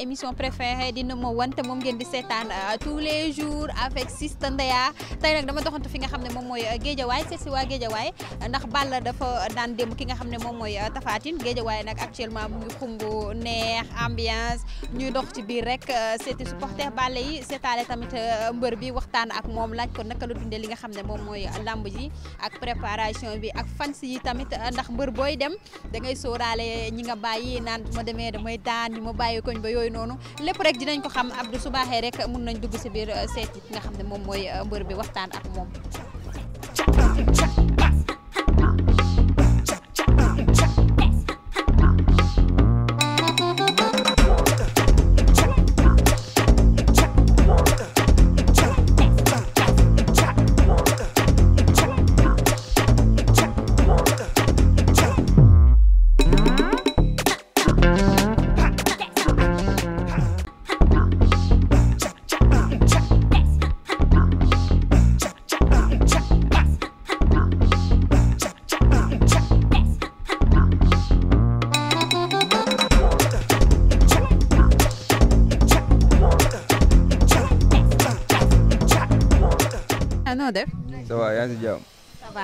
émission préférée di Ndëmoo wante mom ngeen di sétane euh, tous les jours avec Sista Ndeya tey nag dama doxantu fi nga xamné mom moy mooy euh, Géejawaay seet si waa Géejawaay ndax Balla dafa daan démb ki nga xam ne moom mooy euh, Tafatine géej waaye nag actuellement mu ngi xumb neex ambiance ñuy dox ci biir rek euh, seeti supporter Balla yi seetaale tamit euh, mbër bi waxtaan ak moom laaj ko naka la dundee li nga xam ne moom mooy lamb ji ak préparation bi ak fans yi tamit ndax mbër booy dem da ngay sóoraale ñi nga bàyyi naan bu ma demee damay daan ñu ma bàyyi koñ ba yooyu noonu lépp rek dinañ ko xam Abdou su baaxee rek mun nañ dugg si biir seeti ki nga xam ne moom mooy mbër bi waxtaan ak moom.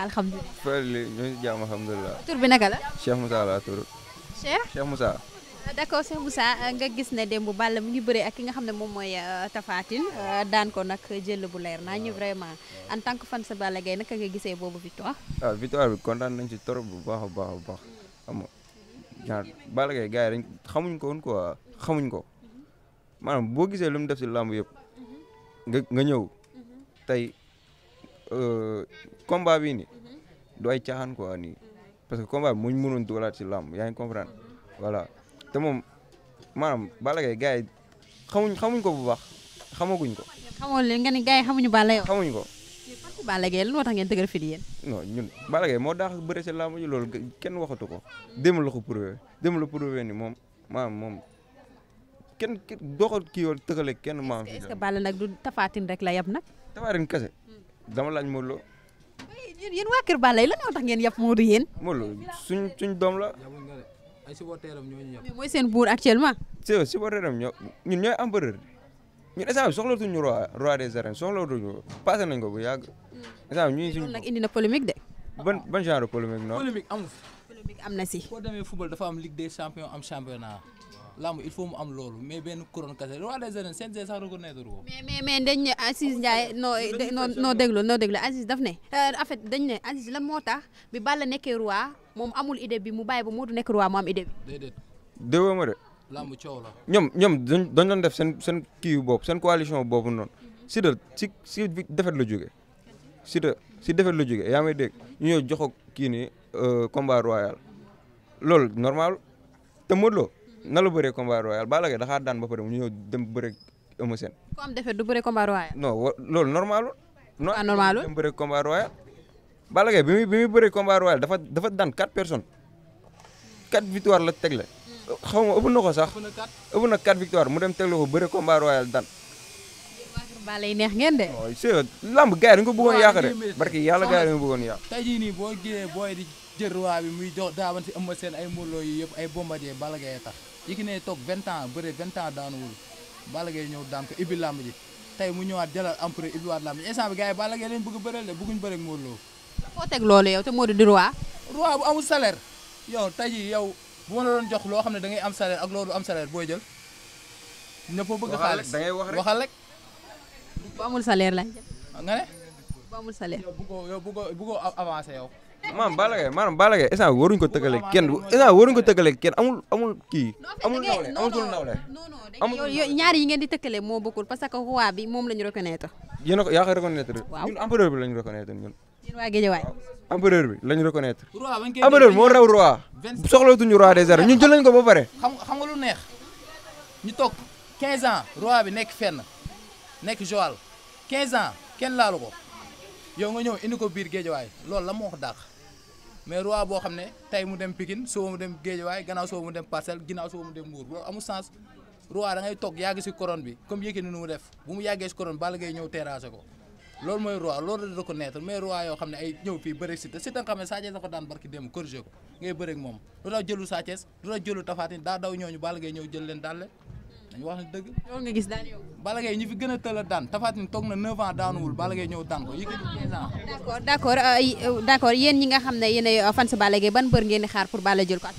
alhamdulillah. fële tur bi naka la Cheikh Moussa la tur Cheikh Cheikh Moussa euh, d'accord Cheikh Moussa euh, nga gis ne dembu Balla mu ngi bëree ak ki nga xam mom moy euh, Tafatin daan ko nak jël bu leer na ñu vraiment en tant que fan sa Balla gay naka nga gisee bobu victoire ah victoire bi kontaan nañ ci torop bu baax baax baax xam nga genre gay gay dañ xamuñ ko won quoi xamuñ ko mhm. Manam bo gisee lu mu def ci lamb yépp nga nga ñëw mhm. Euh, combat bii ni dooy ay caaxaan quoi nii parce que combat bi ñu mënoon doolaat si làmb yaa ngi comprendre voilà te moom maanaam Balla Gaye gars yi xamuñ xamuñ ko bu baax xamaguñ ko. xamoo leen nga ni gars yi xamuñu Balla yow. xamuñ ko. Balla Gaye lan moo tax ngeen dëgër fi di yéen. non ñun Balla moo daax bëre si làmb ji loolu kenn waxatu ko démb la ko prouvé démb la ni moom maanaam moom kenn doxal kii yoon tëkkale kenn maam. est-ce que nag du Tapha Tine rek la yab nag. Tapha Tine kese. dama laaj Modou Lo. yéen yéen waa Kër Balla yi lan moo tax ngeen yàpp Modou yéen. Modou Lo suñ suñ doom la. ay supporteram ñooñu yàpp. mais mooy seen buur actuellement. c'est supporteram ñoo ñun ñooy empereur ñun instant bi soxlatuñu roi roi des arènes soxlatuñu passé nañ ko bu yàgg. instant bi ñuy suñu nag indi na polémique de. ban ban genre polémique non. polémique amul. polémique na si. boo demee football dafa am ligue des champions am championnat. lamb il faut mu am loolu mais benn couronne kase roi des arènes CNG sax reconnaître ko. mais mais mais dañ ne Aziz Ndiaye noo noo déglu noo déglu Aziz daf ne euh, en fait dañ ne Aziz lan moo tax bi Balla nekkee roi moom amul idée bi mu bàyyi ba Modou nekk roi mu am idée bi. déedéet. déggoo ma de. lamb coow la. ñoom ñoom dañ dañ doon def seen seen kii boobu seen coalition boobu noonu. Mhm. si de si si defet la jógee. si de si defet la jógee yaa may dégg ñu ñëw jox ko kii nii euh, combat royal loolu normal te Modou Lo nalu bëré combat royal ba Balla da daxaa daan ba pare mu ñëw dem bëré Eumeu Sène. ku am défé du bëré combat royal. non lool normalu non ah, normalu dem bëré combat royal. Balla Gaye bi bi muy bëree combat royal dafa dafa daan 4 personnes 4 victoires la téglé xawma ëpp nako sax ëpp na 4 victoires mu dem téglé ko bëré combat royal daan. balay neex ngeen de. oh c'est lamb gaay yi dañu ko bëggoon yàq barki yalla gaay yi dañu ko bëggoon yàq. tey jii nii boo jiyee di. jël roi bi muy jox daawante ëmb seen ay mbooloo yi yëpp ay bombardier Balla Gaye tax Yékini toog vingt ans bëre vingt ans daanuwul Balla Gaye ñëw daan ko ibbi làmb ji tey mu ñëwaat jalal empereur ibbiwaat làmb ji instant bi gars yi Balla Gaye leen bëgg bëreel de bëgguñ bëre ak mbooloo foo teg loolu yow te moo di roi roi bu amul salaire yow tey jii yow bu ma la doon jox loo xam ne da ngay am salaire ak loolu am salaire booy jël ñëpp bëgg xaalis waxal rek bu amul salaire la nga avancé yow maam Balla Gaye maanaam Balla Gaye instant waruñu ko tëkkale kenn instant kenn amul kii. amul nawle amatul nawle. yi ngeen di tëkkale moo bokkul parce que roi bi moom la ñu reconnaître. yéen a ko yaa ko reconnaître ñun empereur bi la ñu reconnaître ñun. yéen waa Guédiawaye. empereur bi la ñu reconnaître. empereur moo raw roi. soxlatuñu roi des arènes toog 15 ans roi bi nekk fenn nekk Joal 15 ans kenn laalu ko yow nga ñëw indi ko biir Guédiawaye loolu la moo ko dàq mais roi boo xam ne tey mu dem Pikine suba mu dem Guédiawaye gannaaw suba mu dem Parcelles ginnaaw suba mu dem Mbour loolu amul sens roi da ngay yàgg si couronne bi comme Yékini nu mu def bu mu yàggee si couronne Balla Gaye ñëw terrasser ko loolu mooy roi loolu la reconnaître mais roi yoo xam ne ay ñëw fii bëreeg si te si da nga xam ne Sa Thiès dafa daan barki démb corrigé ko ngay bëreeg moom lu tax jëlu Sa Thiès lu tax jëlu Tapha Tine daa daw ñooñu Balla Gaye daal dañu wax ne dëgg. loolu nga gis daan yow. Balla ñu fi gën a tëla daan Tapha Tine toog na 9 ans daanuwul Balla ñëw daan ko Yékini 15 ans. d' euh, euh, nga xam ne yéen ay euh, fans ban bër ngeen xaar pour Balla jël ko ak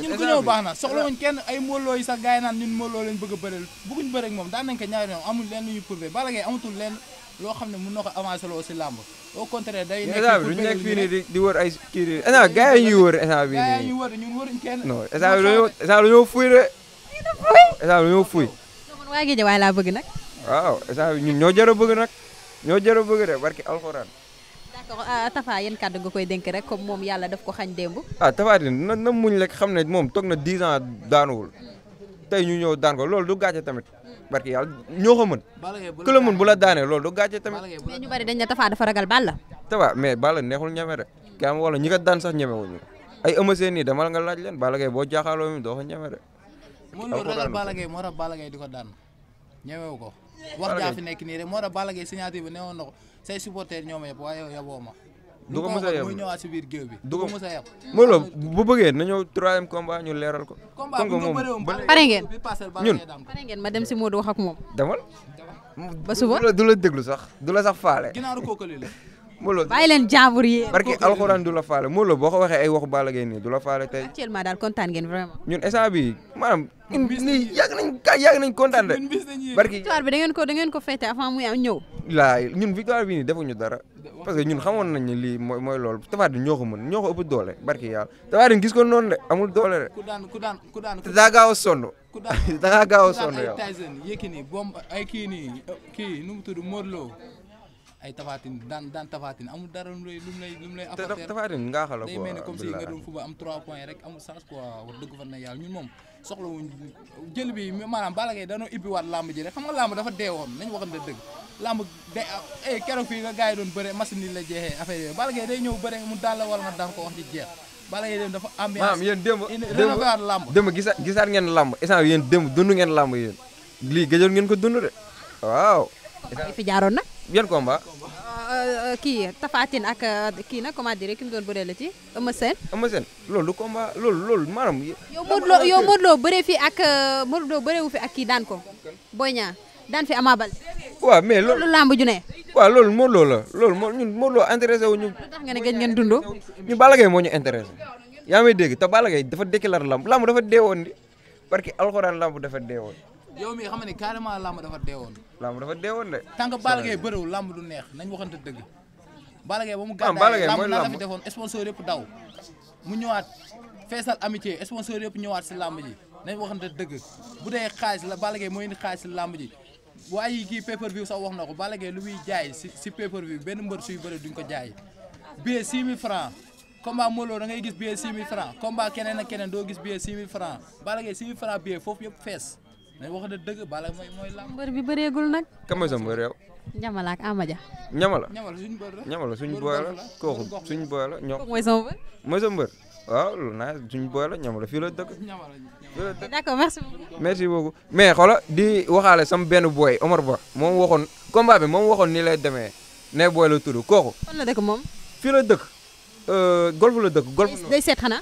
ñun ku ñëw baax na soxla wuñ kenn ay mbooloo yi sax gars leen bëgg a bëreel bëgguñ bëreek moom daan nañ ko ñaari yoon amul leen ñu prouvé Balla Gaye amatul leen loo xam ne mën na ko si làmb au contraire day nekk fii nii di wër ay kii estat bi ñoo fuy. man waa Géeja waaye laa bëgg nag. waaw estat bi ñun jar a bëgg nag ñoo jar a bëgg de barki alxuraan. d'accord ah, Tafa yéen kàddu nga koy dénk rek comme moom yàlla def ko xañ démb. ah Tafa di na na muñ rek xam ne moom toog na a ans wul tey ñu ñëw daan ko lool du gàcce tamit barki yàlla ñoo ko mën. ku bu la daanee lool du gàcce tamit. mais ñu bari dañ ne Tafa dafa ragal Balla. Tafa mais Balla neexul ñeme rek. kaa ma ñi ko daan sax ñeme wuñu ay ëmb seen nga laaj leen Balla boo jaaxaaloo mi doo Modou Lo ragal Balla Gaye moo tax Balla di ko daan ñemewu ko wax jaa fi nekk nii rek moo tax Balla Gaye signature bi newoon na ko say supporters ñoo ma yëpp waaye yow yaboo ma du a yab muy ñëwaat si biir géew bi du ko mos a yab Modou Lo bu bëggee na ñëw troisième combat ñu leeral ko combat bu ñu bëreewoon pare ngeen ñun ngeen ma dem si Modou wax ak moom demal ba suba du la déglu sax du la sax faale ginaaru kookali Modou Lo leen jaambur yi. barki alxuraan du faale Modou Lo boo ko waxee ay waxu Balla Gaye nii du la faale tey. actuellement daal kontaan ngeen vraiment. ñun instant bi maanaam. lii nañ ka yàgg kontaan de. barki victoire bi da ngeen ko da ngeen ko fêté avant muy ñëw. laay ñun victoire bi nii defuñu dara parce que ñun xamoon nañ ne lii mooy mooy loolu Tapha Tine ñoo ko mën ñoo ko doole barki yàlla Tapha Tine gis ko noonu de amul doole de. ku daan ku daan ku daan daa gaaw a sonn. ku daan da ngaa gaaw a sonn yow. kii nii kii nu mu tudd Modou Lo ay tafatin daan daan tafatin amul dara lu lay lu mu lay apporter tafatin nga xala nga doon fu ba wax dëgg fa ne yàlla ñun moom soxla wuñ jël bi maanaam Balla danoo ibbi waat làmb ji rek xam nga làmb dafa deewoon nañ waxante dëgg làmb day eh, keroog fii nga gars doon bëre machine yi la jeexee affaire yooyu Balla Gaye day ñëw bëre mu daal la wala nga daan ko wax ci jeex Balla dem dafa ambiance maanaam yéen démb démb làmb démb gisaat gisaat ngeen làmb instant yéen démb dund ngeen làmb yéen lii gëjoon ngeen ko dund de waaw yan combat. Euh, euh, kii Tafatine ak euh, kii nag comment dire ki mu doon bëree la ci Eumeu Sène. Eumeu Sène loolu du combat loolu loolu maanaam. yow Modou Lo yow fi ak Modou Lo bëree wu fi ak kii daan ko Boy Niang daan fi Ama Baldé. waa mais loolu loolu làmb ju ne. waaw loolu Modou la loolu moo ñun Modou Lo intéressé wu ñu. tax ne gëj ngeen dund. ñu moo ñu intéressé yaa may dégg te Balla Gaye dafa déclaré lamb lamb dafa deewoon di parce que alxuraan lamb dafa deewoon. yow mii xam ne carrément làmb dafa deewoon. làmb dafa deewoon de. tant que Balla Gaye bëriwul làmb du neex nañ waxante dëgg. Balla Gaye ba mu ah, gàddaay làmb na la fi defoon sponsor yëpp daw mu ñëwaat feesal amitié sponsor yëpp ñëwaat si làmb ji nañ waxante dëgg bu dee xaalis la Balla Gaye mooy indi xaalis làmb ji waaye yi kii pay sa wax na ko Balla Gaye lu muy jaay si si pay-per-view benn mbër suy bëri duñ ko jaay billet 6000 francs combat Modou Lô da gis billet 6000 francs combat keneen ak keneen doo gis billet 6000 francs Balla Gaye 6000 francs foofu yëpp fees mais wax na dëgg Balla mooy mooy làmb. mbër bi bëreegul nag. kan mooy sa mbër aa Ñamala ak Amaja. Ñamala Ñamala suñu bër la la kooku suñu bër la ñoom. mooy sa mbër. mooy sa mbër waaw loolu fii la dëkk. fii la dëkk d'accord merci beaucoup. merci beaucoup mais xoola di waxaale sam benn booy Omar Ba moom waxoon combat bi moom waxoon nii lay demee ne booy la kooku. fan la dëkk moom. fii la dëkk euh, golf la dëkk. golf day seet xanaa.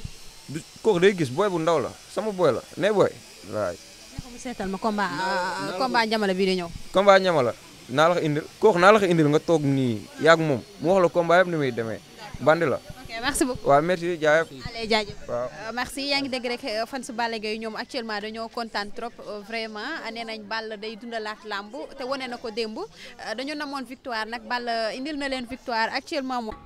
kooku day gis booy bu ndaw la sama booy la ne booy seetal ma combat combat njamala bii di ñëw. combat njamala naa la ko indil koox naa la ko indil nga toog nii yaag moom mu wax la combat yëpp ni muy demee bandi la. ok merci beaucoup waaw merci jaajëf. allez jaajëf waaw euh, merci yaa ngi dégg rek euh, fan su Balla Gaye ñoom actuellement dañoo kontaan trop euh, vraiment nee nañ day dundalaat làmb te wane na ko démb dañu namoon victoire nag Balla indil na leen victoire actuellement moom.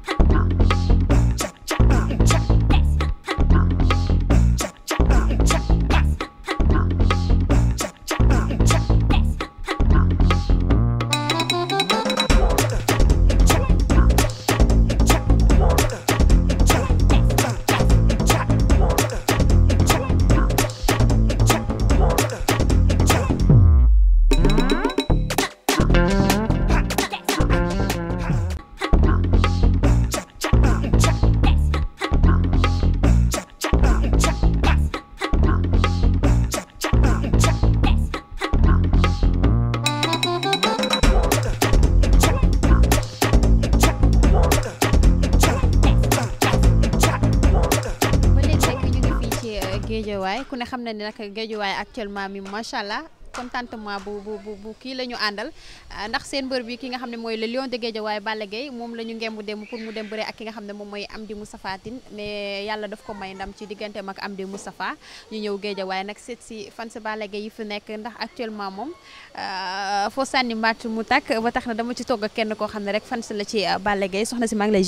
ne xam na ni nag géejuwaay actuellement mi macha allah contentement bu bu bu kii la ñu àndal euh, ndax seen mbër bi ki nga xam ne mooy le lion de Guédiawaye waaye Gaye moom la ñu ngemb dem pour mu dem bëre ak ki nga xam ne moom mooy Amdi Moustapha Tine mais yàlla daf ko may ndam ci digganteem ak Amdi Moustapha ñu ñëw waaye nag seet si fan si Balla Gaye yi fi nekk ndax actuellement moom euh, foo sànni matt mu takk ba tax na dama ci togg kenn koo xam ne rek fan si la ci euh, Balla Gaye soxna si maa ngi lay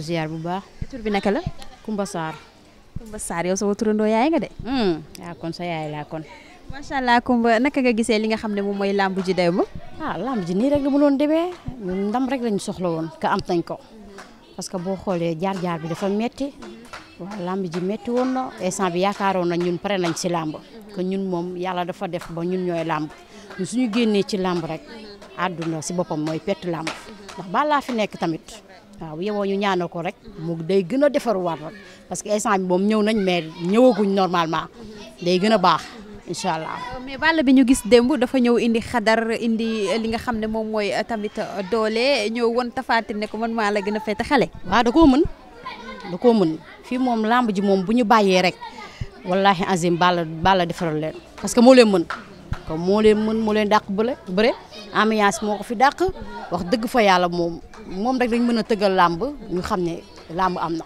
ziar. bu baax. Coumba Sarr yow sama turandoo yaay nga de. ya hmm, kon sa yaay laa kon. macha allah Coumba naka nga gisee li nga xam ne moom mooy lamb ji day ba. ah lamb ji nii rek la mu doon demee ndam rek lañu soxla woon ka am nañ ko. parce que boo xoolee jaar-jaar bi dafa metti waaw lamb ji metti woon no instant bi yaakaaroon nañ ñun pare nañ si lamb. que ñun moom yàlla dafa def ba ñun ñooy lamb ñun suñu ci lamb rek si boppam mooy pett lamb ndax balaa fi nekk tamit waaw yow ñu ñaanal ko rek mu day gën rek. parce que instant bi moom ñëw nañ mais ñëwaguñ normalement day gën a baax incha allah. Euh, mais bàll bi ñu gis démb dafa ñëw indi xadar indi li nga xam ne moom mooy euh, tamit euh, doole ñëw woon tafaati ne ko man maa la gën a fete xale. waa da koo mën da koo mën fii moom làmb ji moom bu ñu bàyyee rek wallahi azim bàll bàll defaral leen parce que moo leen mën comme moo leen mën moo leen dàq bële bëre ambiance moo ko fi dàq wax dëgg fa yàlla moom moom rek dañ mën a tëggal làmb ñu xam ne làmb am na.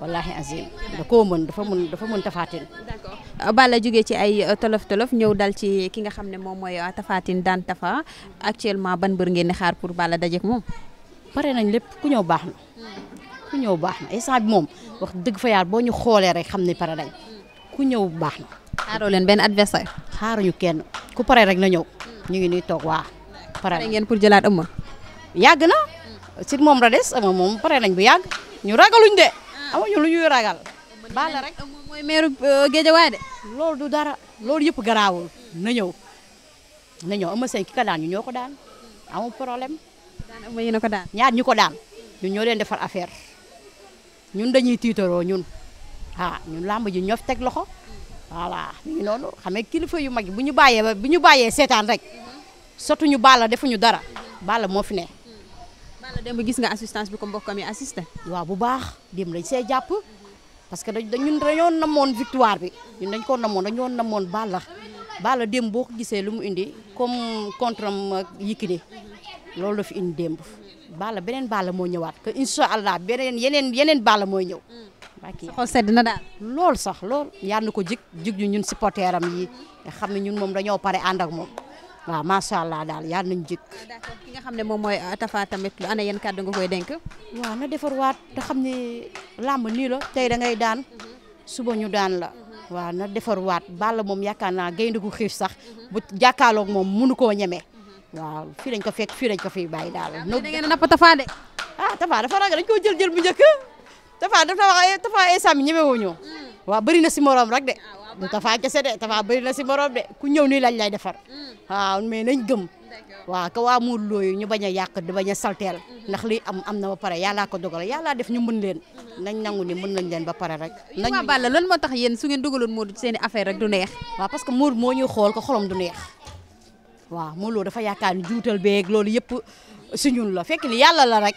wallahi azim da koo mën dafa mën dafa mën tafaatin. d'accord Balla jógee ci ay euh, tolof tolof ñëw dal ci ki nga xam ne moom mooy euh, a tafaatin daan tafa actuellement ban mbër ngeen di xaar pour Balla dajeek moom. pare nañ lépp ku ñëw baax na. ku ñëw baax na instant moom wax dëgg fa boo ñu xoolee rek xam ne pare nañ ku ñëw baax na. xaaroo leen benn adversaire. xaaruñu kenn ku pare rek na ñëw. ñu ngi nuy toog waa. pare ngeen pour jëlaat ëmma. yàgg na. sit moom la des ëmma moom nañ bu yàgg ñu ragaluñ de. Ah, amuñu lu ñuy ragal. Balla rek mooy meeru euh, Géejawaay de. loolu du dara loolu yëpp garaawul na ñëw na ñëw ama seen ki ka daan ñu ñoo ko daan amul problème. daan ama ko daan. ñaar ñu ko daan ñun ñoo leen defar affaire ñun dañuy tiitaroo ñun ah ñun làmb ji ñoo fi teg loxo voilà mi ngi noonu xam nga kilifa yu mag yi bu ñu bàyyee ba bu ñu bàyyee seetaan rek sotuñu Balla defuñu dara Balla moo fi ne. la démb gis nga assistance bi ko mbokkam yi assisté. waaw bu baax démb lañ see jàpp parce que dañ ñun dañoo namoon victoire bi ñun dañ ko namoon dañoo namoon Balla Balla démb boo ko gisee lu mu indi comme contre am Yékini loolu la fi indi démb Balla beneen Balla moo ñëwaat que incha allah beneen yeneen yeneen Balla mooy ñëw. Mm. sa xol sedd na daal. lool sax loolu yàlla ko jig jig ñu ñun supporteram yi nga xam ne ñun moom dañoo pare ànd ak moom. waaw macha allah daal yal nañu jik ki nga xam ne moom mooy euh, tafaa tamit lu ana yéen kàddu nga koy dénk. waaw na defarwaat te xam ne làmb nii la tey da ngay daan suba ñu daan la. waaw na defarwaat Balla moom yaakaar naa gaynde gu xiif sax bu jàkkaarloog moom mënu koo ñeme. waaw fii lañ ko fekk fii lañ ko fiy bàyyi daal. da ngeen a napp Tapha de. ah Tapha dafa ragal dañ koo jël jël bu njëkk Tapha dafa Tapha instant bi ñeme woo ñu. Mm. waaw bëri na si morom rek dafa kese de fa bari la si borom de ku ñew ni lañ lay defar mm. waaw mais nañ gëm wa ka wa mu looyu ñu baña yaq di mm-hmm. ndax li am am ba pare yalla ko dogal yalla def ñu mën leen mm-hmm. nañ nangu ni mën nañ leen ba pare rek nañ waa Balla lan mo tax yeen su ngeen dugaloon Modou seen affaire rek du neex wa parce que mur mo ñu xol ko xolom du neex wa Lo dafa yaakaar ni juutal beek loolu yëpp si la fekk ni yalla la rek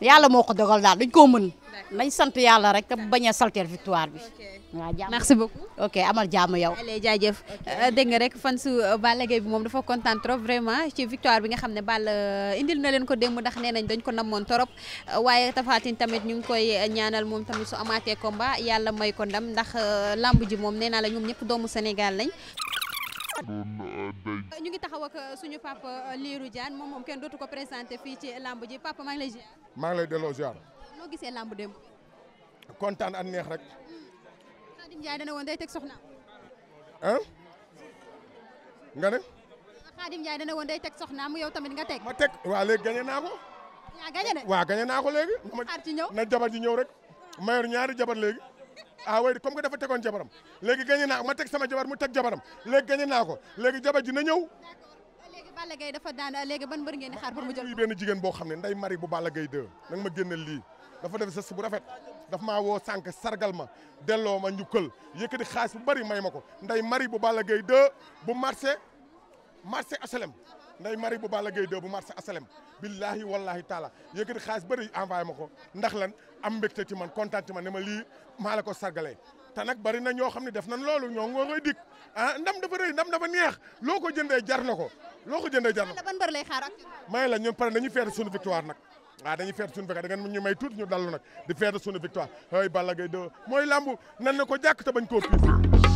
yalla moko dogal daal duñ ko mën nañ sant yàlla rek bañ a salter victoire bi. waaw jàmm merci beaucoup. ok amal jàmm yow. allez jaajëf euh, dégg rek fan su euh, Balla bi moom dafa kontaan trop vraiment ci victoire bi nga xam ne Balla euh, indil na leen ko démb ndax nee nañ dañ ko namoon trop waaye Tapha Tine tamit ñu ngi koy ñaanal moom tamit su amaatee combat yàlla may ko ndam ndax lamb ji moom nee naa la ñoom ñëpp doomu Sénégal lañ. ñu ngi taxaw ak suñu papa Lirou Diane moom moom kenn dootu ko présenté fii ci lamb ji papa maa ngi lay ziar. noo gisee làmb démb. kontaan ak neex rek. Khadim Ndiaye dana woon day teg soxnaam. ah. nga ne. Khadim Ndiaye dana woon day teg yow tamit nga teg. ma teg waaw léegi gagné naa ko. yaa gagné de. waaw gagné naa ko léegi. xaar ñëw na jabar ji ñëw rek. mayor ñaari jabar léegi. ah way comme tegoon jabaram léegi gagné naa ma teg sama jabar mu teg jabaram léegi gagné naa ko léegi jabar ji na ñëw. léegi Balla Gaye dafa daan léegi ban mbër ngeen di xaar pour mu jël. benn jigéen boo xam ne nday mari bu Balla gay 2 nag ma génneel lii dafa def geste bu rafet daf maa woo sànq sargal ma delloo ma njukkal yëkkati xaalis bu bari may ma ko nday mari bu Balla Gaye 2 bu marché marché HLM nday mari bu Balla Gaye 2 bu marché HLM billahi wallahi taala yëkkati xaalis bari envoyé ma ko ndax lan am mbégte ci man kontaan ci ne ma lii maa la ko sargalee te nag bari na ñoo xam ne def nañ loolu ñoo ngoo koy dik ah ndam dafa rëy ndam dafa neex loo ko jëndee jar na ko loo ko jëndee jar na ko. ban bër lay xaar ak. may la ñun pare nañu waaw ah, dañuy feet suñu fekkee da ñu may tuuti ñu dallu nag di feet suñu victoire ay Balla Gaye 2 mooy lambu nan ko jàkk bañ koo piis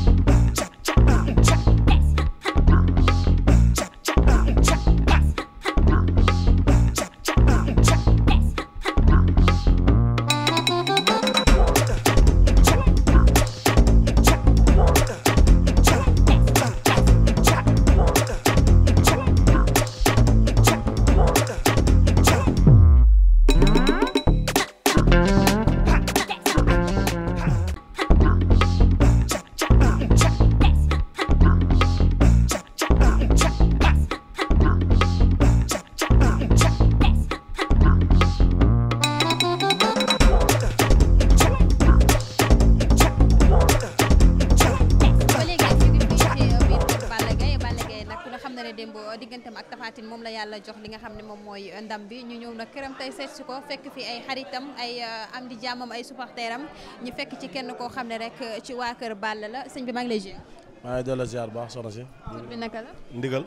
la yalla jox li nga xamne mom moy ndam bi ñu ñew na kërëm tay seet si ko fekk fi ay xaritam ay am di jammam ay supporteram ñu fekk ci kenn ko xamne rek ci wa kër ball la señ bi ma ngi lay jé maa ngi doon la ziar baax soxna ci bi naka la. Ndigal.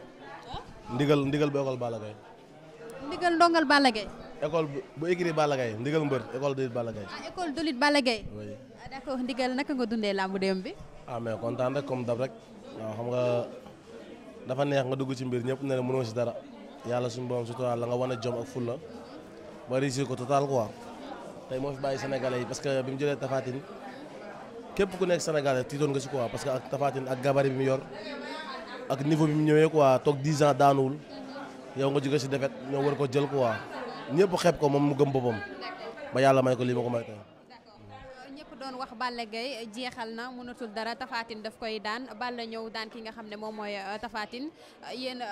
Ndigal Ndigal bokal Balla gay Ndigal ndongal Balla gay école bu écrit Balla gay Ndigal mbeur école dulit lutte Balla Gaye. ah école dulit lutte Balla Gaye. oui ah, d'accord Ndigal naka nga dundé làmbu dem bi. ah mais kontaan rek comme dab rek xam nga dafa neex nga dugg ci mbir ñep ne la mënoo si dara yàlla suñu borom surtout la nga wan a jom ak fulla ba réussir ko total quoi tey moo fi bàyyi sénégalais yi parce que bi mu jëlee Tafatine képp ku nekk sénégalais tiitoon nga si quoi parce que ak Tafatine ak gabari bi mu yor ak niveau bi mu ñëwee quoi toog 10 ans daanuwul yow nga jóge si defet ñoo war ko jël quoi ñëpp xeeb ko moom mu gëm boppam ba yàlla may ko lii ma ko may tey doon wax Balla Gaye eh, jeexal na mënatul dara Tafatine daf koy daan Balla ñëw daan ki nga xam ne moom mooy eh, tafaatin eh, yéen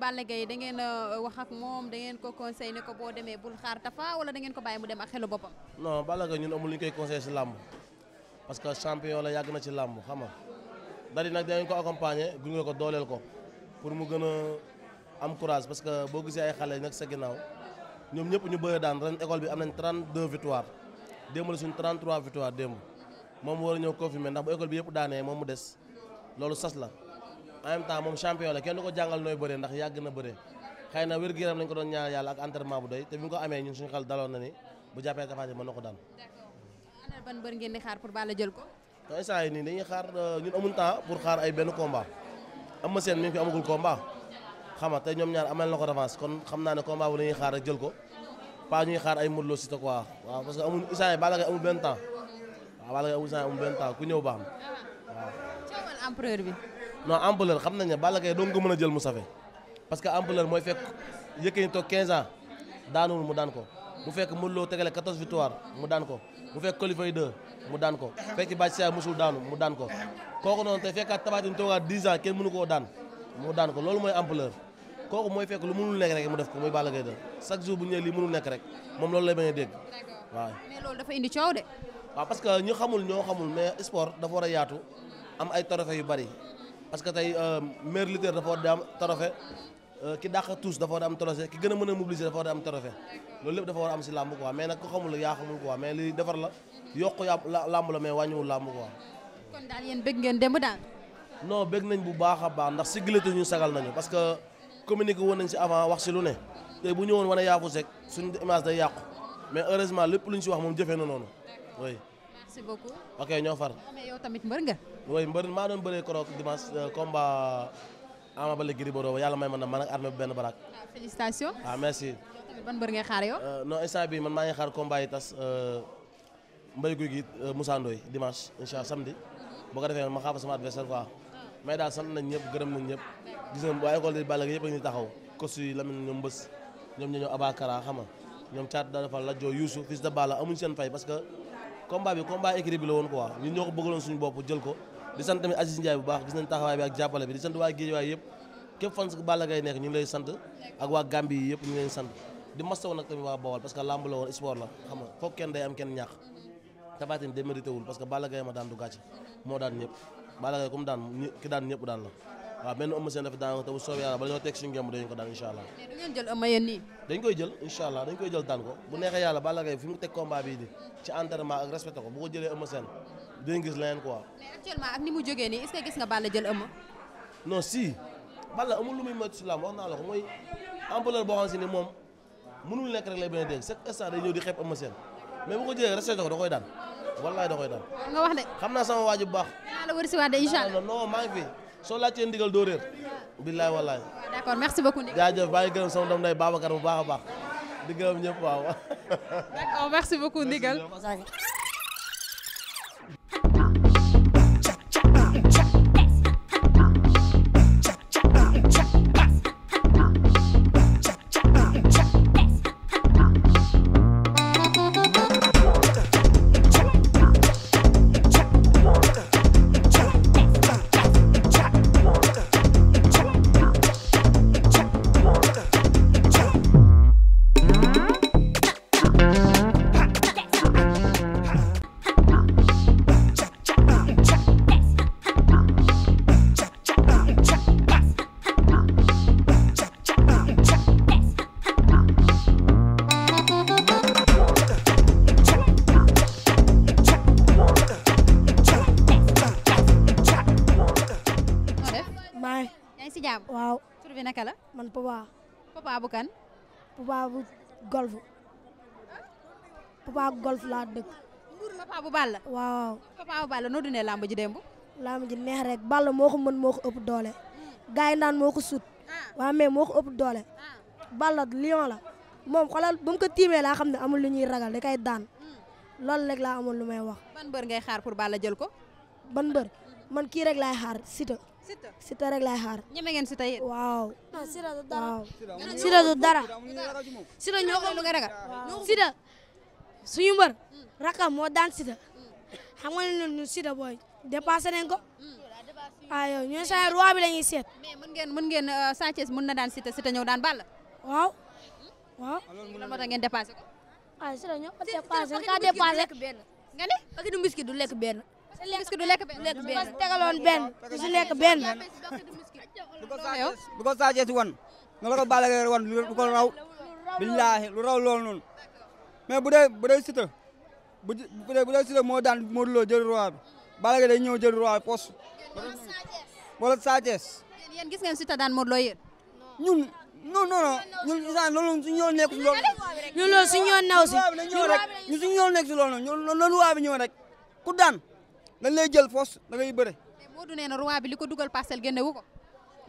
Balla Gaye da ngeen wax ak moom da ngeen ko conseil ne ko boo demee bul xaar Tafa wala da ngeen ko bàyyi mu dem ak xelu boppam. non Balla Gaye ñun amul lu ñu koy conseil si làmb parce champion la yàgg na ci làmb xam nga dari nag dinañ ko accompagner gunge ko dooleel ko pour mu gën a am courage parce que boo gisee ay xale nag sa ginnaaw ñoom ñëpp ñu bëri daan ren école bi am nañ 32 victoires. démb la suñu 33 victoire démb moom war a ñëw confirmer ndax bu école bi yëpp daanee moom mu des loolu sas la en même moom champion la kenn du ko jàngal nooy bëree ndax yàgg na bëree xëy na wér gu yaram lañ ko doon ñaan yàlla ak entraînement bu doy te bi nga ko amee ñun suñu xel daloon na ni bu jàppee Tapha Tine mën na ko daan. d'accord ana ban mbër ngeen di xaar pour Balla jël ko. te instant yii nii dañuy xaar euh, ñun amuñu temps pour xaar ay benn combat am na seen mi ngi fi amagul combat xam nga te ñoom ñaar amal na ko revanche kon xam naa ne combat bu xaar jël ko pas ñuy xaar ay Modou Lo Siteu quoi waaw parce que amul Issa Balla Gaye amul benn temps waaw Balla Gaye amul Issa amul ku ñëw baax na waaw. coowoon ampleur bi. non ampleur xam nañ ne Balla Gaye doon ko mën a jël mu safe parce que ampleur mooy fekk Yékini toog 15 ans daanuwul mu daan ko mu fekk Modou Lo tegale 14 victoire mu daan ko mu fekk Coly Faye 2 mu daan ko fekk Bathie Seye musul daanu mu daan ko kooku noonu te fekkaat Tapha Tine toogaat 10 ans koo daan mu daan ko loolu mooy ampleur. kooku mooy fekk lu mënul nekk rek mu def ko muy Balla Gaye 2 chaque jour bu ñëwee lii mënul nekk rek moom loolu lay bañ a dégg waaw. mais de. waaw parce que ñu xamul ñoo xamul mais sport dafa war a yaatu am ay trophée yu bari parce que tey euh, meilleur lutteur dafa war di am euh, ki dàq tous dafa war di am trophée ki gën a mën a mobiliser dafa war di am trophée loolu lépp dafa war a am ci làmb quoi mais nag ko xamul yaa xamul quoi mais li defar la yokk yaa làmb la mais wàññiwul làmb quoi. kon daal yéen bëgg ngeen nañ bu baax a baax ndax si gilatu communiquer wonn ci avant wax ci lu ne tey bu ñëwoon wane Yafous sek suñ image day yaq mais heureusement lepp luñ ci wax mom jëfé na noonu oui. merci beaucoup. ok ñoo far. Ah, mais yow tamit mbeur nga. oui mbeur ma doon bëree koro dimanche euh, combat Ama balé Gris Bordeaux yàlla may ma man ak armée ben barak ah, félicitations. ah merci. ban beur nga xaar yow. Euh, non instant bi man ma ngi xaar combat yi tas euh mbey guy gi euh, Moussa ndoy dimanche inshallah samedi mhm. boo ko defee ma xafa sama adversaire quoi. mais daal sant nañ ñëpp gërëm nañ ñëpp gis nga waa école de Balla Gaye a ngi taxaw kos yi Lamine ñoom mbës ñoom ko bëggaloon suñu bopp jël ko di sant tamit Aziz Ndiaye bu baax gis nañ taxawaay bi ak jàppale bi di sant waa Guédiawaye yëpp képp fans Gambie yi yëpp ñu leen sant di mastaw nag tamit waa Bawol parce que woon sport la xam nga foog kenn day am kenn ñaax Tapha Tine démérité wul ma daan du gàcce moo daan ñëpp Balla Gaye comme daan ki daan ñëpp daan la waaw benn Eumeu Sène dafa daan te bu soobee yàlla bala ñoo teg suñu ngëm dañu ko daan incha allah. dañ koy jël incha allah dañ koy jël daan ko bu neexee yàlla Balla Gaye fi mu teg combat bii di ci entraînement ak respecté ko bu ko jëlee Eumeu Sène dinañ gis leneen quoi. mais actuellement ak ni mu jógee nii est gis nga Balla jël Eumeu. non si Balla amul lu muy moytu wax naa la ko mooy ampleur boo xam si ni moom mënul nekk rek lay benn dégg chaque instant day ñëw di ko jëlee respecté ko da koy daan wallaay da koy dal. nga wax de. xam naa sama waajib bu baax. naa la wërsiwaat de incha allah non maa ngi fi soo laajtee ndigal doo réer. billaay wallaay. d'accord merci beaucoup. jaajëf baa ngi gërëm bu baax a baax di gërëm ñëpp waaw. d'accord merci beaucoup ndigal. kan. papa bu golf. papa golf laa dëkk. mbuur papa bu Balla. waaw papa bu Balla noo dundee ji démb. làmb ji neex rek Balla moo ko mën moo ko ëpp doole. Hmm. gars yi naan moo ko sut. Ah. waa mais moo ko ëpp doole. Ah. Balla lion la. moom xoolal ba mu ko tiimee laa xam ne amul lu ñuy ragal da koy daan. Hmm. loolu rek laa amoon lu may wax. ban bër ngay xaar pour Balla jël ko. ban bër man kii rek laay xaar Siteu. Siteu Siteu rek laay xaar ñeme ngeen Siteu yéen waaw non nah, Siteu du dara kan Siteu du dara Siteu ñoo ko lu nga ragal Siteu suñu mbër rakam moo daan Siteu xam nga ne ñun Siteu booy dépassé nañ ko ah yow ñun saa roi bi la ñuy seet mais mën ngeen mën ngeen Sathiès mën na daan Siteu Siteu ñëw daan Balla waaw waaw la moo tax ngeen dépassé ko ah Siteu ñoo ko dépassé ka dépassé nga ak du biscuit du lekk benn est-ce que du lekk benn lekk benn tegaloon benn du si lekk benn. bu ko Sa Thiès wan nga la ko Balla Gaye wan lu ko raw. billaahi lu raw loolu noonu. mais bu dee bu dee Siteu bu dee bu dee Siteu moo daan Modou Lo jël roi bi Balla Gaye day ñëw jël roi bi pos. wala Sa Thiès. yéen gis ngeen Siteu daan Modou Lo yéen. ñun non non non ñun isaan loolu suñu yoon nekk si loolu. ñun loolu suñu yoon naw si. ñu suñu yoon nekk si loolu noonu loolu waa bi ñëw rek ku daan. dañ lay jël force da ngay bëre. mais na roi bi li ko dugal parcelle génne wu ko.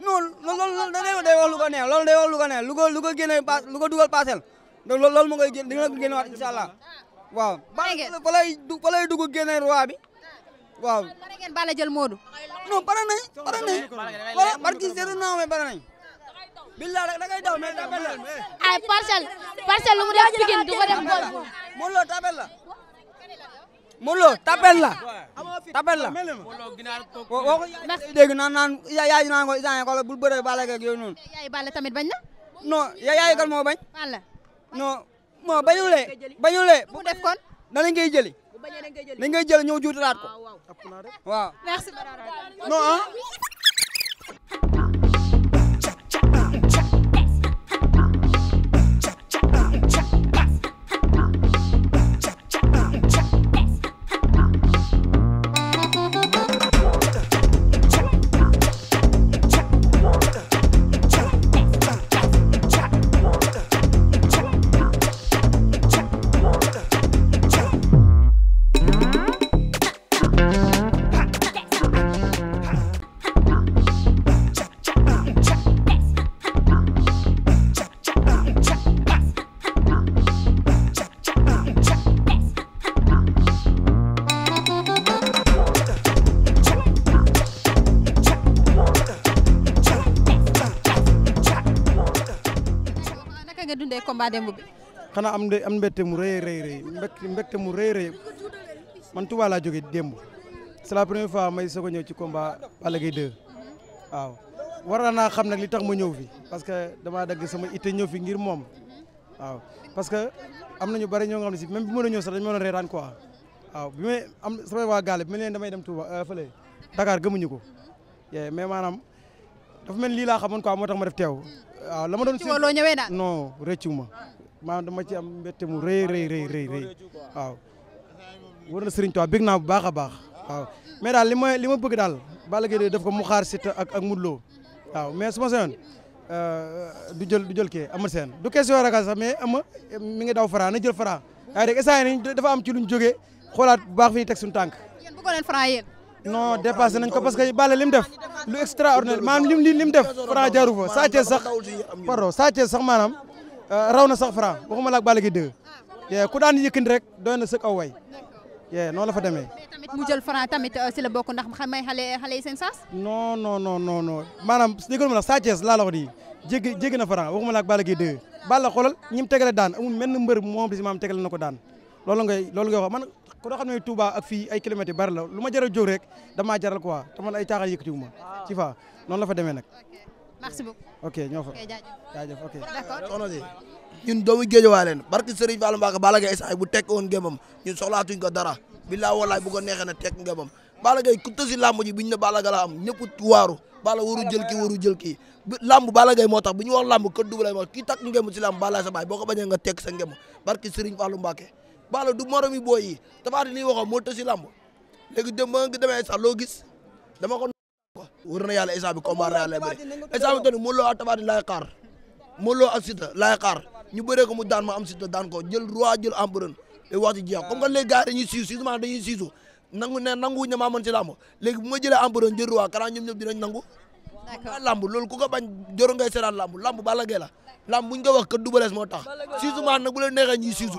non loolu loolu day wax lu ko neex loolu day wax lu ko neex lu ko lu ko génne pa lu ko dugal parcelle loolu loolu mu ngay génn dina ko génnewaat incha allah ah. waaw. pare ngeen fa lay fa lay dugg génne roi bi waaw. Ah, pare ngeen Balla jël Modou. non pare nañ pare nañ pare barki seetlu naa da ngay daw mais ay parcelle parcelle lu mu def Pikine du ko def la. Molo tapel la tapel la dégg naan naan yaay naan ko isaan ko bul bëre Balla Gaye ak yooyu noonu yaay Balla tamit bañ na non yaay moo bañ Balla non moo bañulee bañulee bu def kon danañ koy jëli dañ koy jëli ñëw juutalaat ko waaw merci non ah. combat démb bi. xanaa am am mbégte mu rëy rëy rëy mbekk mu rëy rëy man Touba laa jógee démb c'est la première fois may soog a ñëw ci combat Balla Gaye 2 waaw war naa xam nag li tax ma ñëw fi parce que damaa dagg sama itte ñëw fi ngir moom waaw parce que am nañu bari ñoo nga xam ne si même bi ma la ñëw sax dañu ma doon reetaan waaw bi may am sama waa gaale bi ma leen damay dem Touba euh, fële Dakar gëmuñu ko mais maanaam dafa mel lii laa xamoon quoi moo tax ma def teew waaw la ma doon. rëccuwoo loo ñëwee daal non rëccu ma ci am mbette mu rëy rëy rëy rëy rëy waaw. war na Serigne Touba bég naa bu baax a baax waaw mais daal li ma li ma bëgg daal Balla Gaye daf ko mu xaar Siteu ak ak mu Lo waaw mais su ma euh, du jël du jël kii ama seen du question ragal sax mais ama mi ngi daw Fra na jël Fra yaa ngi dégg dafa am ci luñ jógee xoolaat bu baax fi ñu teg suñu tànk. non dépassé nañ ko parce que Balla lim def lu extraordinaire maanaam lim lim lim def Franc jaaru fa Sa sax pardon maanaam euh, raw na sax Franc waxuma la ak Balla gi dëgg ku daan yëkkandi rek doy na sëg aw way noonu la fa demee. tamit mu jël Franc tamit euh, si la bokk ndax xam may xale xale yi seen saas. non non non non non maanaam dégg la Sa Thiès laa la wax nii jéggi jéggi na Franc waxuma la ak Balla gi dëgg Balla xoolal ñi mu tegale men amul menn mbër moom si maam tegale na ko daan loolu ngay loolu ku doo xam ne Touba ak fii ay kilomètres yu bari la lu ma jaral jóg rek damaa jaral quoi te man ay caaxaan yëkkatiwuma ci fa noonu la fa demee nag. merci beaucoup ok ñoo fa jaajëf ok d'accord soxna si ñun doomu géejëwaa leen barki Serigne Fallou Mbacké Balla Gaye isaan bu tekk woon ngëmam ñun soxlaatuñ ko dara billaay wallaay bu ko neexee na la am jël kii kii làmb moo tax bu ñu wax làmb kër dubalay moo kii takk ngëm ci nga tekk sa ngëm barki Serigne Balla du moromi booy yi Tapha Tine li waxoon moo tësi làmb léegi dem ba nga demee sax loo gis dama ko ko wër na yàlla instant bi combat réel lay bëri instant bi toni Modou Lô ak Tapha Tine laay xaar Modou Lô ak Siteu laay xaar ñu bëree ko mu daan ma am Siteu daan ko jël roi jël empereur léegi wax ci jeex comme que jël roi karaa ñoom ñëpp dinañ nangu d'accord lamb loolu ku ko bañ joro lamb lamb Balla Gaye la lamb buñ ko wax kër dubalees moo tax siisu maanaam nag bu leen neexee ñuy siisu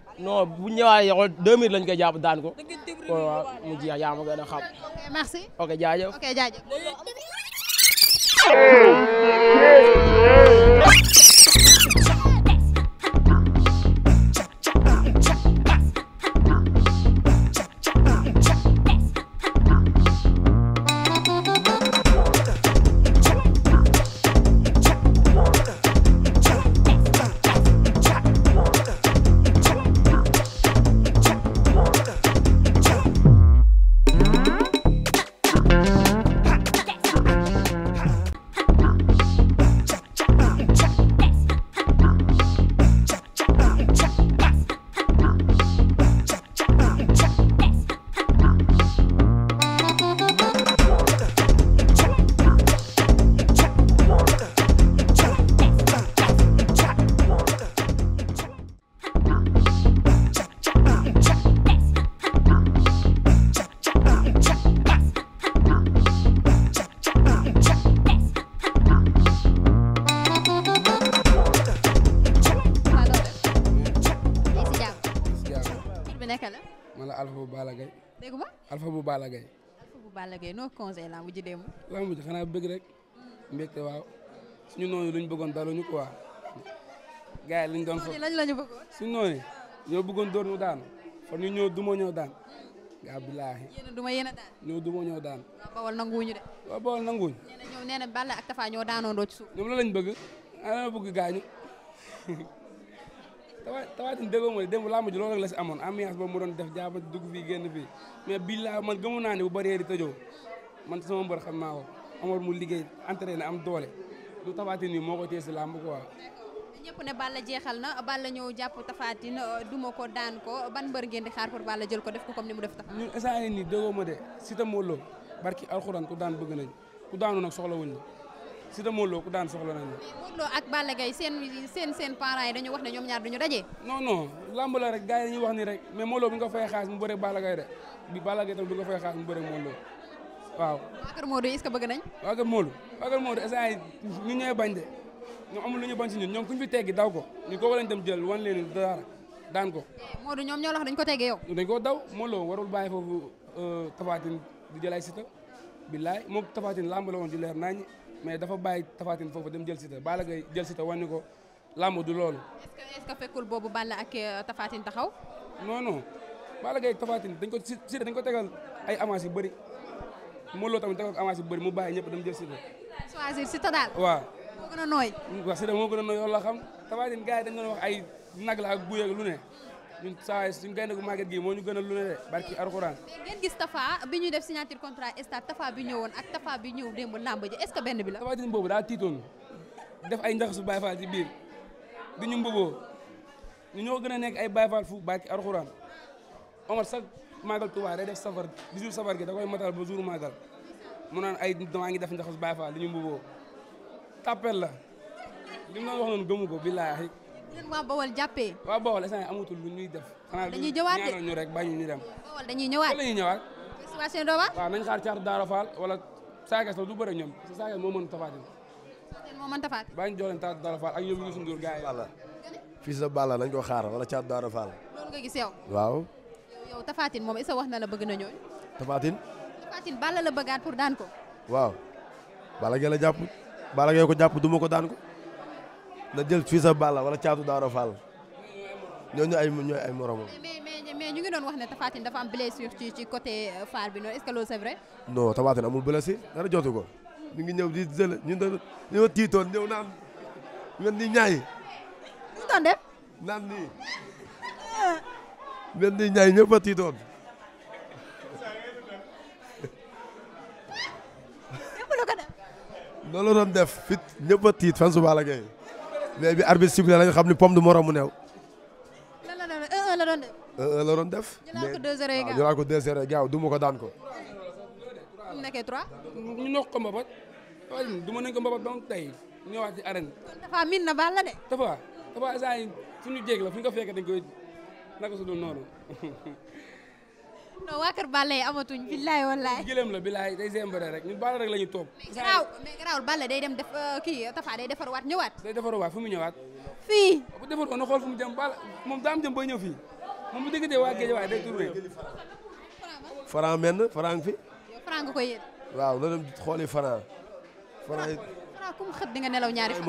non bu ñëwaat yow 2000 lañ koy jàpp daan ko. waaw yaa ma gën a xam. merci ok jaajëf ok Gueye noo conseil laa mujj démb. laa mujj xanaa bëgg rek. mbégte waaw suñu noonu luñ bëggoon daluñu quoi. gars yi liñ doon fa lañ lañu bëggoon. suñu noonu ñoo bëggoon door ñu daanu kon ñu ñëw duma ñëw daan. gaa billaahi. yéen a duma yéen a daan. ñëw duma ñëw daan. waaw Bawol nanguwuñu de. waaw Bawol ak Tafa ñoo daanoo doo ñoom la lañ bëgg ah dama bëgg gaañu Tapha Tapha Tine déggoo ma ne démb làmb ji loolu rek la si amoon ambiance boobu mu doon def jàpp dugg fii génn fii mais billaa man gëmu naa ne bu barrière yi tëjoo man sama mbër xam naa ko Amar mu liggéey entraîné am doole lu Tapha Tine yi moo ko téye si làmb quoi. ñëpp ne Balla jeexal na Balla ñëw jàpp Tapha Tine euh, duma ko daan ko ban mbër ngeen di xaar pour Balla jël ko def ko comme ni mu def Tapha. ñun instant yii nii déggoo ma de si ta mbooloo daan bëgg nañ ku daanu nag soxla wuñ la si da Modou Lo ku daan soxla nañu. Modou Lo ak balle gay sen sen sen parents yi dañu wax ne ñom ñaar duñu dajé non non lamb la rek gaay yi wax ni rek mais Modou Lo bi nga fay xaas mu bëre balle gay de bi balle gay tam bi nga fay xaas mu bëre Modou Lo waaw. waa kër Modou est ce bëgg nañ. waa kër Modou waa kër Modou instant yi ñu ñooy bañ de ñu amul luñu bañ ci ñun ñom kuñ fi téggi daw ko ñu ko walañ dem jël wan leen dara daan ko. Eh, Modou ñom ñoo la wax dañ ko téggé yow. dañ ko daw Modou Lo warul baay fofu euh tabatin di jël ay sita billahi mo tabatin lamb la won di leer nañ mais dafa bàyyi Tapha Tine foofu dem jël Siteu Balla Gaye jël Siteu wàññi ko làmb du loolu. est-ce que est-ce que fekkul boobu ak euh, Tapha taxaw. non non Balla Gaye dañ ko Siteu dañ ko tegal ay avance yu bëri Modou Lo tamit tegal ko avance yu mu bàyyi ñëpp dem jël Siteu. choisir Siteu daal. waaw moo gën a nooy. waaw Siteu moo gën a nooy loolu xam Tapha Tine gars yi dañu doon wax ay nag la ak guy lu ne. ñun saa suñu gaynde gu màgget gi moo ñu gën a lu ne de barki alxuraan. mais ngeen gis Tafa bi ñuy def signature contrat stade Tafa bi ñëwoon ak Tafa bi ñëw démb làmb ji est-ce que benn bi la. Tapha Tine boobu daa tiitoon def ay ndax su Baye Fall ci biir di ñu mboboo ñu ñoo gën a nekk ay Baye Fall fu barki alxuraan Omar sax màggal Touba day def safar 18 safar gi da koy matal ba jour màggal mu naan ay damaa ngi def ndax su Baye Fall di ñu mboboo tàppel la li mu doon wax noonu gëmu ko billaahi yéen waa Bawol jàppee. waa Bawol amatul lu ñuy de xanaa ñu rek bañu ñu dem. Bawol dañuy ñëwaat dañuy ñëwaat. situation doo waaw nañ xaar caatu Daara Fall wala Saakees la du bëre ñoom parce moo mën tafaatin. Saakees moo mën tafaat. baa ñu jox leen caatu Daara Fall ak ñoom Youssou Ndour gars xaar wala caatu Daara Fall. loolu nga gis yow. waaw. moom isa wax na la bëgg na ñooñu. tafaatin. tafaatin Balla la daan ko. waaw. Balla Gaye jàpp bala Gaye ko jàpp duma ko daan ko na jël fii sa Balla wala caatu Daara Fall ñooñu ay ñooy ay ñu ngi doon wax ne Tapha dafa am ci ci côté euh, bi noonu est ce que loolu c' est vrai. non Tapha amul blessure dara jotu ko ñu ngi ñëw di jël ñu doon ñoo tiitoon ni ñaay. ñu doon nii mel ni ñaay ñëpp a tiitoon. ñëpp la ko doon def fit ñëpp tiit fan su Balla mais bi arbitre sifflé la nga xam ne pomme du moromu neew. lan la doon un un la doon def. un la doon def. ñu naan ko deux heures gaaw ñu naan ko deux heures gaaw du ko daan ko. bu mu nekkee trois. ñu nokk ko mbabat. waaye ma nañ ko mbabat donc tey ci arène. dafa min na baal la de. dafa dafa saa yi fu la fu ko fekk dañ koy naka su dul noonu. non waa kër Balla yi amatuñ. billaay wallaay gëlëm la billaay day zembare rek ñun Balla rek la ñu toog. mais garaaw mais garaawul Balla day dem def euh, kii Tafa day defarwaat ñëwaat. day defarwaat fu mu ñëwaat. fii. Ah, bu defaroon na xool fu moom daam jëm ba ñëw fii moom bu dëggatee waa géej waaye day tourné. Franc menn Franc fi. Franc nga waaw loolu dem xooli Franc. Franc yi Franc ku mu xët di nga nelaw ñaari fan.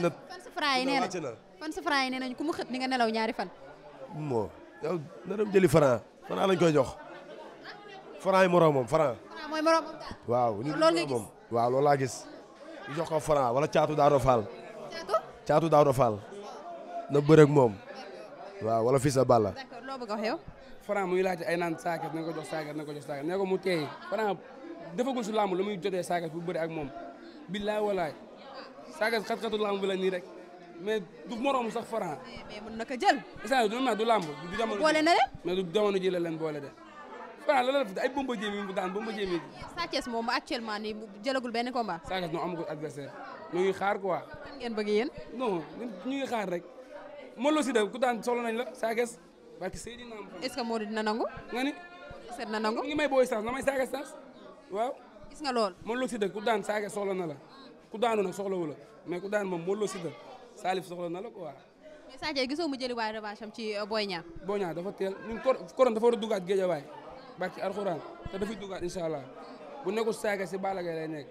na. fan sa Franc yi nee yi nee nañ ku mu di nga nelaw ñaari fan. moo yow na dem jëli Franc Franc lañ koy jox Franc yi moroomam Franc. Franc mooy moroomam waaw ñu waaw loolu laa gis. ñu jox ko Franc wala caatu Daaro caatu caatu Daaro Fall. na bëreeg moom. waaw wala fii sa Balla. d'accord loo bëgg a wax ay naan saaket na ko jox saaket na ko jox saaket ne ko mu teey Franc defagul si làmb lu muy jotee saaket bu bëri ak moom billaay walaay saaket xat-xatu làmb bi la nii rek. mais du moroom sax Franc. mais mën na ko jël. instant du ma du làmb du jamono. boole na leen mais du jamono ji la leen boole de. Franc la la def ay bomba jéemi mu daan bomba jéemi. Sa Thiès moom actuellement nii jëlagul benn combat. Sa Thiès moom amagul adversaire ñu ngi xaar quoi. lan ngeen bëgg ñu ngi xaar rek. Modou Lo de ku daan soxla nañ la Sa Thiès. parce que Seydina am. est-ce que Modou dina nangu. nga ni. seet na nangu ngi may booy sens na may Sa Thiès waaw. gis nga lool Modou Lo si de ku daan Sa Thiès na la ku daanu nag soxlawu mais ku daan moom Modou Lo si de Salif soxla na la quoi. mais Sadio gisoo mu jëli waaye revanche am ci euh, Boy Niang. Boy Niang dafa teel ñun dafa war a duggaat Géejawaay barki Alxuraan te dafay duggaat incha allah bu nekkul saaga si Balla Gaye lay nekk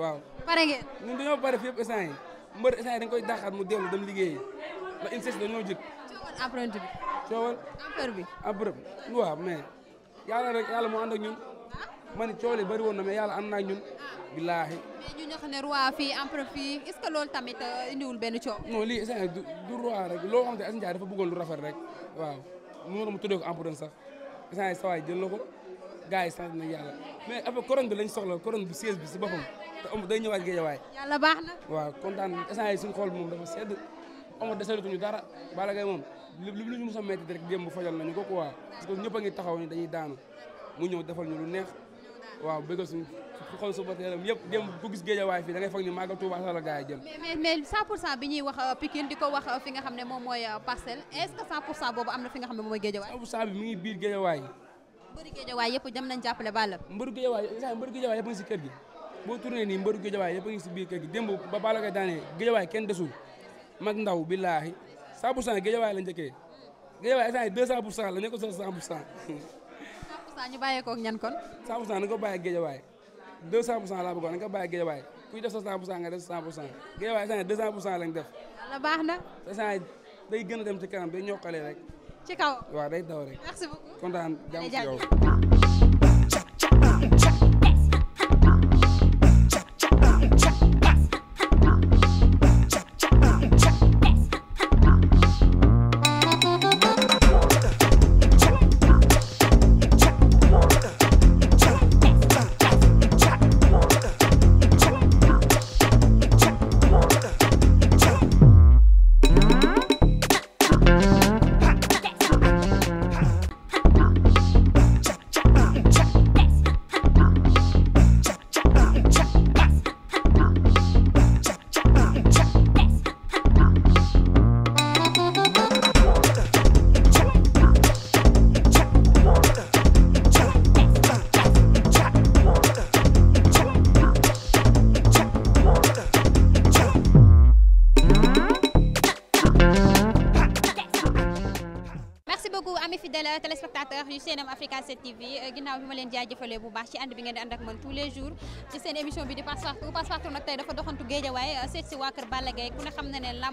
waaw. pare ngeen ñun dañoo pare fépp instant mbër instant yi dañ koy dàqaat mu dellu dem liggéeyi ndax dañoo jëkk. coowal empreinte bi. coowal. empreinte bi empreinte waaw rek yàlla moo ànd ak ñun. ma ni cool yi bëri woon na mais yàlla am naa ñun billaahi ah, mais ñu ñoo xam ne roi fii empereur fii est loolu tamit euh, indiwul benn coow non lii Assane du roi rek loo xam te Assane Ndiaye dafa bëggoon lu rafet rek waaw mu mu tuddee ko empereur sax Assane sawaay jël na ko gars yi sant nañ yàlla mais après couronne bi lañ soxla couronne bi siège si boppam te day ñëw a yàlla baax na waaw kontaan Assane yi suñu xool bi moom dafa sedd amul desalatuñu dara Balla Gaye moom li lu ñu mos a metti rek démb fajal nañu ko quoi parce ñëpp ngi taxaw ni dañuy daanu mu ñëw defal ñu lu neex waaw bëgg suñu xool supporteram yëpp dem ku gis Guédiawaye fii da ngay foog ni Magal Touba la gars yi jëm mais mais pour cent bi ñuy wax euh, Pikine di ko wax euh, fi nga xam ne moom mooy euh, parcelle est-ce que cent pour cent boobu am na fi nga xam ne moom mooy Guédiawaye cent pour cent bi mi ngi biir Guédiawaye mbëru dem nañ jàppale Balla mbëru Guédiawaye mbëru Guédiawaye si kër gi boo tourné nii mbëru Guédiawaye yëpp ngi si biir kër gi démb ba Balla Gaye daanee Guédiawaye la njëkkee Guédiawaye instant deux cent la nekk cent pour cent 100% ñu bàyyee koog ñan kon. 100% na nga ko bàyyi ak géejawaay 200% laa a na nga ko bàyyi ak géejawaay kuy def sa 100% nga def sa 100% géejawaay saa ne 200% lañ def. yàlla baax na. te saa day gën a dem ci kanam day ñoqalee rek. ci kaw waaw day daw rek. merci kontaan jàmm ci téléspectateurs yu CNM Africa 7 TV euh, ginnaaw bi ma leen jaajëfalee bu baax ci ànd bi euh, la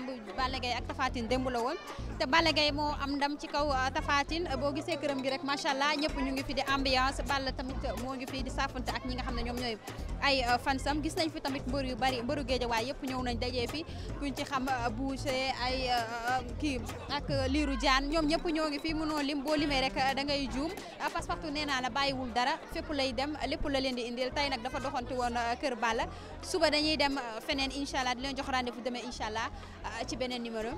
woon te Balla Gaye moo am ndam ci kaw euh, Tapha boo gisee këram gi rek machallah ñëpp ñu ngi fi di ambiance Balla tamit moo ngi fi di saafante ak ñi nga xam ne ñoom ñooy ay fansam gis nañ fi tamit mbër yu bari mbëru géejawaay yëpp ñëw nañ dajee fi kuñ ci xam boucher ay kii ak liiru jaan ñoom ñëpp ñoo ngi fi mënoo lim boo limee rek da ngay juum Passepartout nee naa la bàyyiwul dara fépp lay dem lépp la leen di indil tey nag dafa doxantu woon euh, Kër bala suba dañuy dem euh, feneen incha allah di leen jox rendez-vous demee incha allah euh, ci beneen numéro.